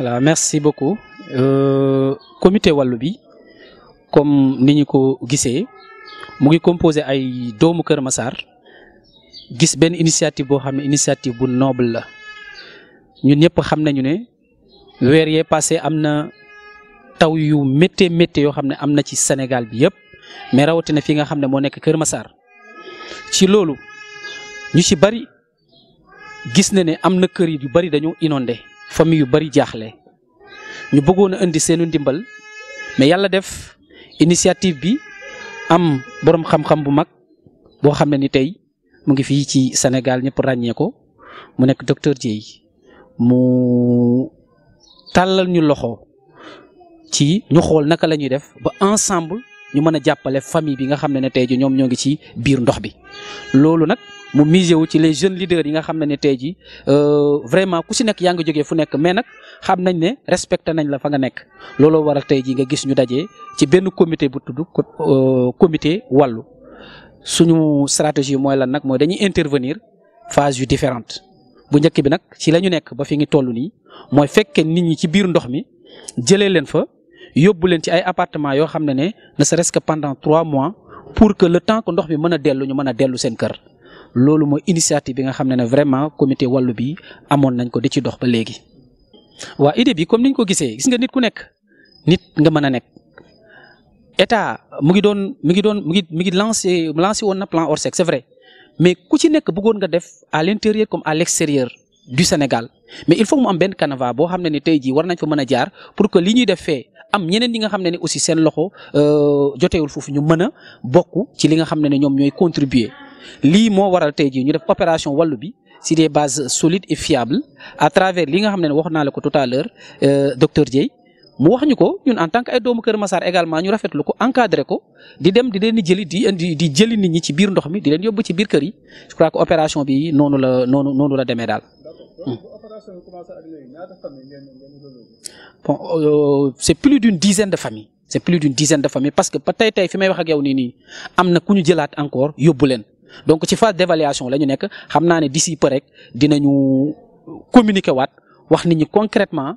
voilà merci beaucoup euh, comité wàllu bi comme ni ñu ko gisee mu ngi composé ay doomu Kër Massar gis benn initiative boo xam ne initiative bu noble la ñun ñëpp xam nañu ne weer yee passé am na taw yu méttee méttee yoo xam ne am na ci Sénégal bi yëpp mais rawatina fi nga xam ne moo nekk Kër Massar ci loolu ñu ci bari gis na ne am na kër yu bari dañu inondé famille yu bari jaaxle ñu bëggoon a indi seenu ndimbal mais yàlla def initiative bi am borom xam-xam bu mag boo xam ne ni tey mu ngi fii ci Sénégal ñëpp ràññee ko mu nekk docteur Dieye mu tàllal ñu loxo ci ñu xool naka la ñuy def ba ensemble ñu mëna jappalé famille bi nga xamné né ne tey ji ñoom ñoo ci biir ndox bi lolu nak mu misé wu ci les jeunes leaders yi nga xamné né ne euh, tey vraiment ku ci nek yaangi joggé fu nek mais nak xam nañ respecté nañ la fa nga nek lolu waral tey ji nga gis ñu dajé ci benn comité bu tudd euh, comité walu suñu stratégie moy lan nak moy dañuy intervenir phase yu différente bu ñëkk bi nak ci lañu nek ba fi ngi tollu ni moy nit ñi ci biir ndox mi jëlé leen fa yóbbu leen ci ay appartement yo xam ne ne ne serait-ce que pendant trois mois pour que le temps qu'on ndox mi mën a dellu ñu mën a dellu kër loolu initiative bi nga xam ne vraiment comité wàllu bi amoon nañ ko di ci dox ba idée bi comme niñ ko gisee gis nga nit ku nekk nit nga mën a nekk état mu ngi don mu ngi doon mu ngi ngi lancé c'est vrai mais ku ci nekk bëggoon nga def à l'intérieur comme à l'extérieur du Sénégal mais il faut mu am benn canevas boo xam ne ne tey war nañ fa pour que li ñuy def am ñeneen ñi nga xam ne ne aussi seen loxo euh, joteewul foofu ñu mën a bokk ci li nga xam ne ne ñoom ñooy contribuer lii moo waral tey jii ñu def opération wàllu bi si des bases solides et fiables à travers li nga xam ne ne wax naa la ko tout à l'heure euh, docteur Dieye mu wax ñu ko ñun en tant que ay doomu Kër Massar également ñu rafetlu ko encadré ko di dem di leen di jëli di indi di jëli nit ñi ci biir ndox mi di leen yóbbu ci biir kër yi je que opération bi noonu la noonu noonu la demee daal. Hmm. bon euh, c'est plus d'une dizaine de familles c'est plus d'une dizaine de familles parce que ba tey tey fi may wax ak yow nii nii am na ku ñu jëlaat encore yóbbu leen donc ci phase d'évaluation la ñu nekk xam naa ne d'ici peu rek dinañu communiquer waat wax nit ñi concrètement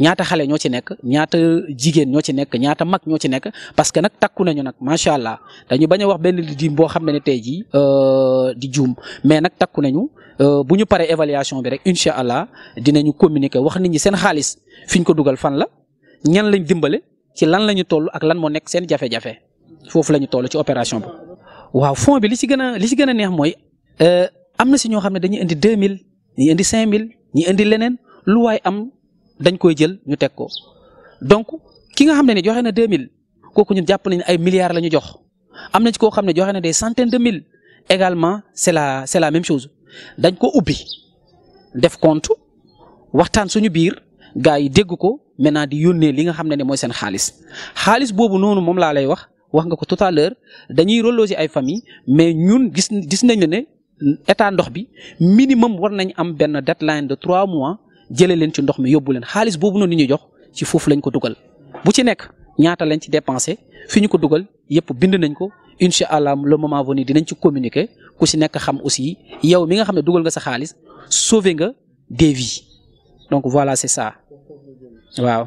ñaata xale ñoo ci nekk ñaata jigéen ñoo ci nekk ñaata mag ñoo ci nekk parce que nag takku nañu nag macha allah dañu bañ a wax benn lim boo xam ne ne tey jii euh, di juum mais nag takku nañu euh, bu ñu paree évaluation bi rek incha allah dinañu communiqué wax nit ñi seen xaalis fi ko dugal fan la ñan lañ dimbale ci lan la ñu toll ak lan moo nekk seen jafe-jafe foofu la ñu toll ci opération bi. waaw fond li ci gën a li ci gën a neex mooy euh, am na si ñoo xam ne dañuy indi deux mille ñi indi mille ñi indi leneen lu waay am. dañ koy jël ñu teg ko donc ki nga xam ne ni joxe na 2000 kooku ñu jàpp nañ ay milliards la ñu jox am na ci koo xam ne joxe na des centaines de mille également c' est la même chose dañ ko ubbi def kont waxtaan suñu biir gars yi dégg ko maintenant di yónnee li nga xam ne ne mooy seen xaalis xaalis boobu noonu moom laa lay wax wax nga ko totaleur à l'heure dañuy reloger ay famille mais ñun gis gis nañ ne état ndox bi minimum war nañ am benn deadline de trois mois jëlee leen ci ndox mi yobul leen xaalis boobu noonu ñu jox ci fofu lañ ko duggal bu ci nek ñaata lañ ci dépenser fi ñu ko duggal yépp bind nañ ko incha allah le moment venu dinañ ci communiquer ku ci nek xam aussi yow mi nga xam ne dugal nga sa xaalis sauver nga des vies donc voilà c'est ça waaw.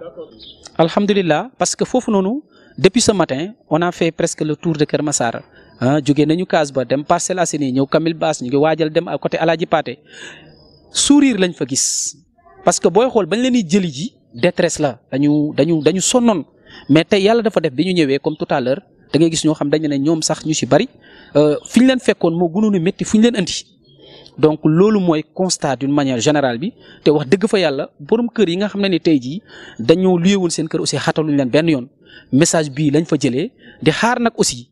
alhamdulilah parce que fofu noonu depuis ce matin on a fait presque le tour de Kermassar hein jugé nañu kaas ba dem Parcelles Assainies ñeu Camille Bass ñu ngi wajal dem à côté Alaaji Paate sourire lañ fa gis. parce que boy xol bañ leen jëli ji détresse la dañu dañu dañu sonon mais tay yalla dafa def biñu ñëwé comme tout à l'heure da ngay gis ño xam dañ ne ñom sax ñu ci bari euh fiñ leen mo gënu ñu metti fuñ leen andi donc lolu moy constat d'une manière générale bi te wax dëgg fa yalla borom kër yi nga xam ne ni tey jii seen kër aussi leen ben yoon message bi lañ fa jëlé di xaar nak aussi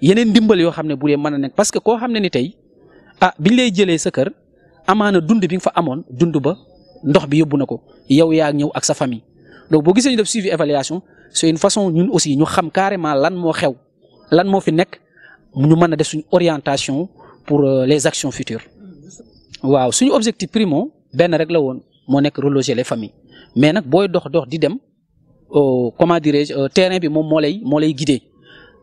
yeneen dimbal yo xamne buré bu dee parce que ko xamne ni tay ah biñ lay jëlé sa kër amana dund bi fa amone dund ba ndox bi yóbbu na ko yow yaa ñew ak sa famille donc bo gisee ñu def suivi évaluation c'est une façon ñun aussi ñu xam carrément lan mo xew lan mo fi nek ñu mëna def suñu orientation pour euh, les actions futures waaw suñu objectif primo ben rek la won mo nek reloger les familles mais nak boy dox dox di dem euh, comment dirais-je euh, terrain bi mom moo lay moo lay guider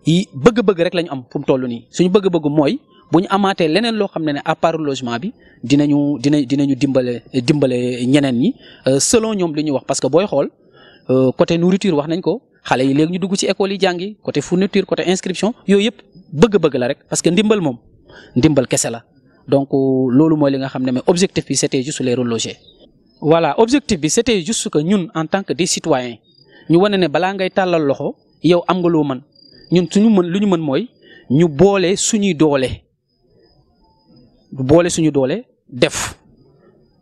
yi bëgg-bëgg rek lañu am fu tollu ni suñu bëgg-bëgg moy bu ñu amaatee leneen loo xam ne ne à part bi dinañu dina dinañu dimbale dimbale ñeneen ñi euh, selon ñoom li ñu wax parce que booy xool euh, côté nourriture wax nañ ko xale yi léegi ñu dugg ci école yi jàngi côté fourniture côté inscription yooyu yëpp bëgg-bëgg la rek parce que ndimbal moom ndimbal kese la donc euh, loolu mooy li nga xam ne mais objectif bi c'était juste les reloger. voilà objectif bi c'était juste que ñun en tant que des citoyens ñu wane ne balaa ngay tàllal loxo yow am nga loo mën ñun suñu mën lu ñu mën mooy ñu boole suñuy doole boole suñu doole def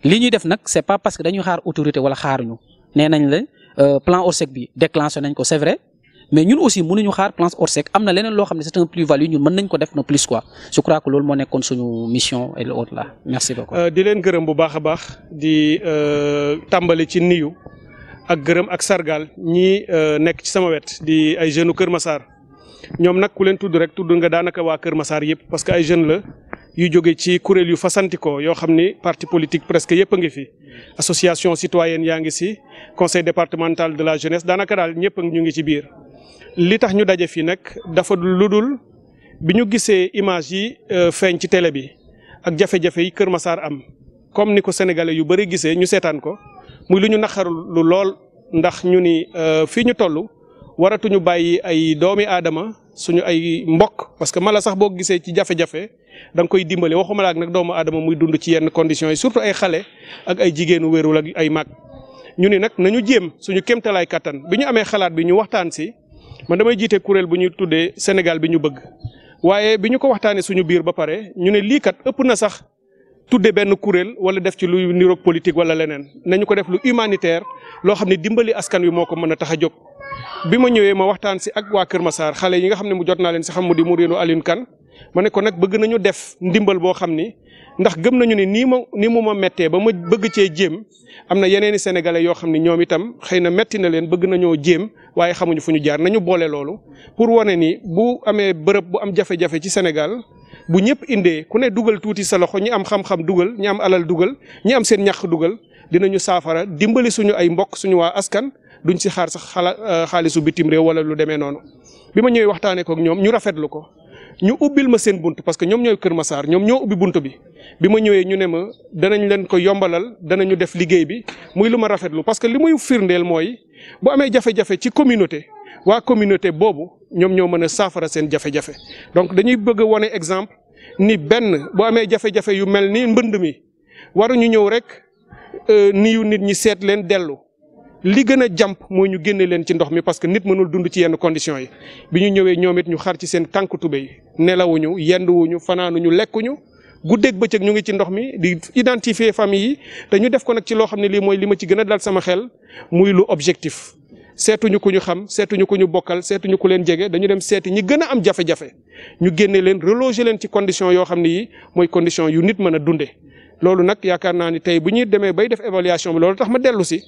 li ñuy def nak c'est pas parce que dañuy xaar autorité wala xaaruñu né nañ la euh, plan orsec bi déclenché nañ ko c'est vrai mais ñun aussi mënuñu xaar plan orsec amna na leneen loo xam c'est un plus value ñun mën nañ ko def no plus quoi je crois que lool mo nekkon suñu mission et le autre là merci beaucoup. Euh, di leen gërëm bu baaxa baax di euh, tambalé ci niyu ak gërëm ak sargal ñi nekk ci sama wette di ay jeunes Kër Massar ñom nak ku leen tudd rek tudd nga danaka wa Kër Massar yépp parce que ay jeune la. yu jóge ci kuréel yu fasantikoo yoo xam ni parti politique presque yëpp a ngi fi association citoyenne yaa ngi si conseil départemental de la jeunesse daanaka daal ñëpp ñu ngi ci biir. li tax ñu daje fii nag dafa dul bi ñu gisee image yi euh, feeñ ci tele bi ak jafe-jafe yi Kër masaar am comme ni ko sénégalais yu bëri gisee ñu seetaan ko muy lu ñu lu lool ndax ñu ni euh, fii ñu toll waratuñu bàyyi ay doomi aadama suñu ay mbokk parce que mala sax boo gisee ci jafe-jafe da koy dimbali waxuma la ak nag doomu aadama muy dund ci yenn conditions yi surtout ay xale ak ay jigéenu wérul ak ay mag. ñu ni nag nañu jéem suñu kéemtalaay kattan bi ñu amee xalaat bi ñu waxtaan si man damay jiite kuréel bu ñuy tuddee Sénégal bi ñu bëgg waaye bi ñu ko waxtaanee suñu biir ba pare ñu ne lii kat ëpp na sax. tudde benn kuréel wala def ci luy niroog politique wala leneen nañu ko def lu humanitaire loo xam ne dimbali askan wi moo ko mën a tax a jóg Bimonyo ñëwé ma waxtaan si ak wa Kër Massar xalé yi nga xam mu jotna leen ci xam mu di Mouride Alioune kan mané ko nak bëgg nañu def ndimbal bo xamni ndax gëm nañu ni ni mu ma metté ba ma bëgg ci jëm amna yeneeni sénégalais yo xamni ñoom itam xeyna metti na leen bëgg nañu jëm waye xamuñu fuñu jaar nañu bolé loolu pour woné ni bu amé bërepp bu am jafe-jafe ci Sénégal bu ñëpp indé ku né dugal tuuti sa loxo ñi am xam-xam dugal ñi am alal dugal ñi am seen ñaax dugal dinañu safara dimbali suñu ay mbokk suñu wa askan duñ ci xaar sax euh, xaalisu bitim réew wala lu demee noonu bi ma ñëwee ko ñoom ñu rafetlu ko ñu ma seen parce que ñoom ñooy Kër Massar ñoom ñoo ubbi bunt bi bi ma ñu ne ma danañ leen ko yombalal def liggéey bi parce que li muy bu jafe-jafe ci communauté waa communauté boobu saafara seen jafe-jafe donc dañuy bëgg exemple ni benn bu amee jafe-jafe yu mel ni mbënd mi waruñu ñëw rek euh, nit li gën a jàmp mooy ñu génne leen ci ndox mi parce que nit mënul dund ci yenn conditions yi bi ñu ñëwee ñoomit ñu xar ci seen tànk tubéy nelawuñu yenduwuñu fanaanuñu lekkuñu guddeeg bëccëg ñu ngi ci ndox mi di identifier famille yi te def ko nag ci loo xam ne lii mooy li ma ci gën a dal sama xel muy lu objectif. seetuñu ku ñu xam seetuñu ku ñu bokkal seetuñu ku leen jege dañu dem seeti ñi gën a am jafe-jafe ñu génne leen reloger leen ci conditions yoo xam ne yi mooy condition yu nit mën a dunde loolu nag yaakaar naa ni tey bu ñuy demee bay def évaluation bi loolu tax ma dellu si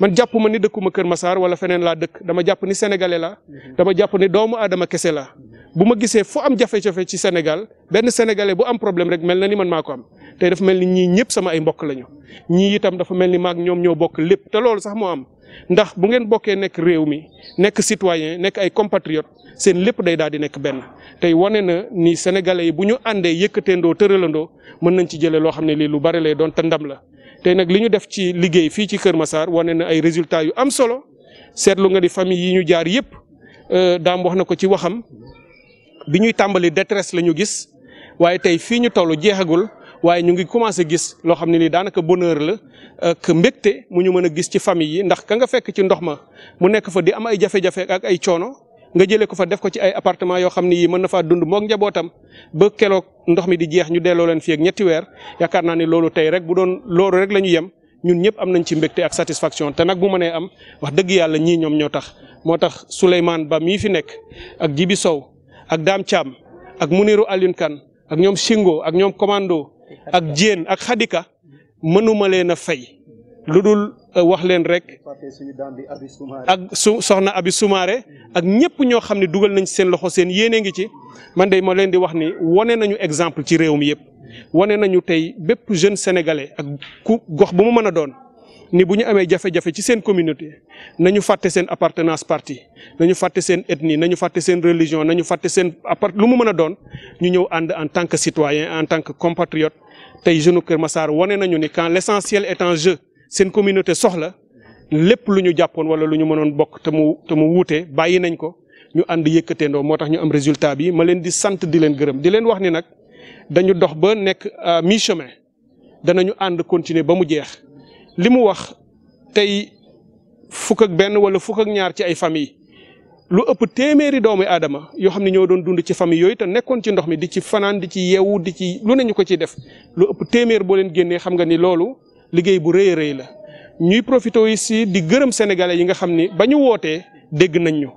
man jàpp ma ni dëkkuma Kër Massar wala feneen laa dëkk dama jàpp ni sénégalais la mhm. dama jàpp ni doomu aadama kese la mhm. bu ma gisee fu am jafe-jafe ci Sénégal benn sénégalais bu am problème rek mel na ni man maa ko am tey dafa mel ni ñii ñëpp sama ay mbokk lañu ñii itam dafa mel ni maak ñoom ñoo bokk lépp te loolu sax mu am ndax bu ngeen bokkee nekk réew mi nekk citoyen nekk ay compatriotes seen lépp day daal di nekk benn tey wane na ni sénégalais yi bu ñu àndee yëkkateendoo tëralandoo mën nañ ci jëlee loo xam ne lii lu bari lay doon te ndam la tey nag li ñu def ci liggéey fii ci Kër Massar wane na ay résultat yu am solo seetlu nga di famille yi ñu jaar yëpp euh, daam wax na ko ci waxam bi ñuy tàmbali détresse la ñu gis waaye tey fii ñu toll jeexagul waaye ñu ngi commencé gis loo xam ne nii daanaka bonheur la ak mbégte mu ñu mën a gis ci famille yi ndax ka nga fekk ci ndox ma mu nekk fa di am ay jafe-jafe ak ay coono. nga jëlee ko fa def ko ci ay appartement yoo xam ne yii mën na faa dund moog njabootam ba keroog ndox mi di jeex ñu delloo leen fii ak ñetti weer yaakaar naa ne loolu tey rek bu doon loolu rek la ñu yem ñun ñëpp am nañ ci mbégte ak satisfaction te nag bu mënee am wax dëgg yàlla ñii ñoom ñoo tax moo tax Souleymane bam mii fi nekk ak Jibi Sow ak Dame Thiam ak Muniru Alioune Kane ak ñoom Shingo ak ñoom Commando ak Diène ak xadika mënuma leen a fay lu dul wax leen rek ak su soxna Abi Soumaré ak ñepp ño xamni duggal nañ seen loxo seen yéene ngi ci man day ma leen di wax ni woné nañu exemple ci réewum yépp woné nañu tay bép jeune sénégalais ak ku gox bu mu mëna doon ni buñu amé jafé jafé ci seen communauté nañu faté seen appartenance parti nañu faté seen ethnie nañu faté seen religion nañu faté seen appart lu mu mëna doon ñu ñëw ànd en tant que citoyen en tant que compatriote tay jeune Kër Massar woné nañu ni quand l'essentiel est en jeu. seen communauté soxla lépp lu ñu jàppoon wala lu ñu mënoon bokk te mu te mu wuute bàyyi nañ ko ñu ànd yëkkateendoo moo tax ñu am résultat bi ma leen di sant di leen gërëm di leen wax ni nag dañu dox ba nekk mi chemin danañu ànd continuer ba mu jeex li mu wax tey fukk ak benn wala fukk ak ñaar ci ay famille lu ëpp téeméeri doomu aadama yoo xam ne ñoo doon dund ci famille yooyu te nekkoon ci ndox mi di ci fanaan di ci yeewu di ci lu ne ñu ko ci def lu boo leen génnee xam nga ni loolu liggéey bu rëy a rëy la ñuy profité aussi di gërëm sénégalais yi nga xam ni ba ñu wootee dégg nañ ñu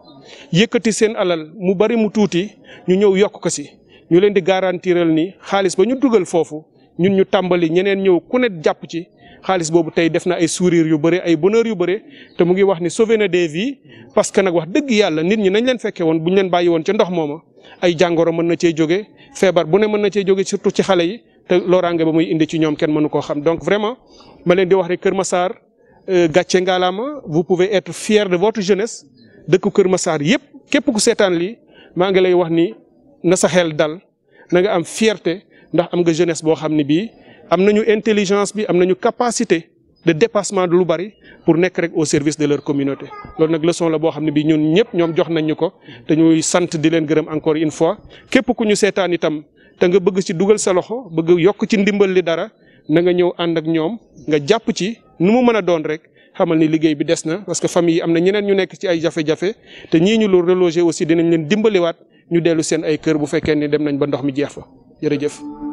yëkkati seen alal mu bari mu tuuti ñu ñëw yokk ko si ñu leen di garantiral ni xaalis ba ñu dugal foofu ñun ñu tàmbali ñeneen ñëw ku ne jàpp ci xaalis boobu tey def na ay sourire yu bëri ay bonheur yu bëri te mu ngi wax ni sauvé des vies parce que nag wax dëgg yàlla nit ñi nañ leen fekkee woon bu ñu leen bàyyi woon ca ndox mooma ay jàngoro mën na cee jóge feebar bu ne mën na cee jóge surtout ci xale yi te loraange ba muy indi ci ñom kenn mënu ko xam donc vraiment ma leen di wax rek keur Massar euh, vous pouvez être fier de votre jeunesse ko keur Massar yëpp képp ku sétane li ma nga lay wax ni na sa xel dal na nga am fierté ndax am nga jeunesse bo xamni bi am nañu intelligence bi am nañu capacité de dépassement de lu bari pour nek rek au service de leur communauté loolu nak leçon la bo xamni bi ñun ñëpp ñom jox nañ ko te ñuy sante di leen gërëm encore une fois képp ku ñu sétane itam te nga bëgg ci dugal sa loxo bëgg yokk ci ndimbal li dara na nga ñëw ànd ak ñoom nga jàpp ci nu mu mën a doon rek xamal ni liggéey bi des na parce que famille yi am na ñeneen ñu nekk ci ay jafe-jafe te ñii ñu lu reloger aussi dinañ leen dimbaliwaat ñu dellu seen ay kër bu fekkee ni dem nañ ba ndox mi jeex fa jërëjëf.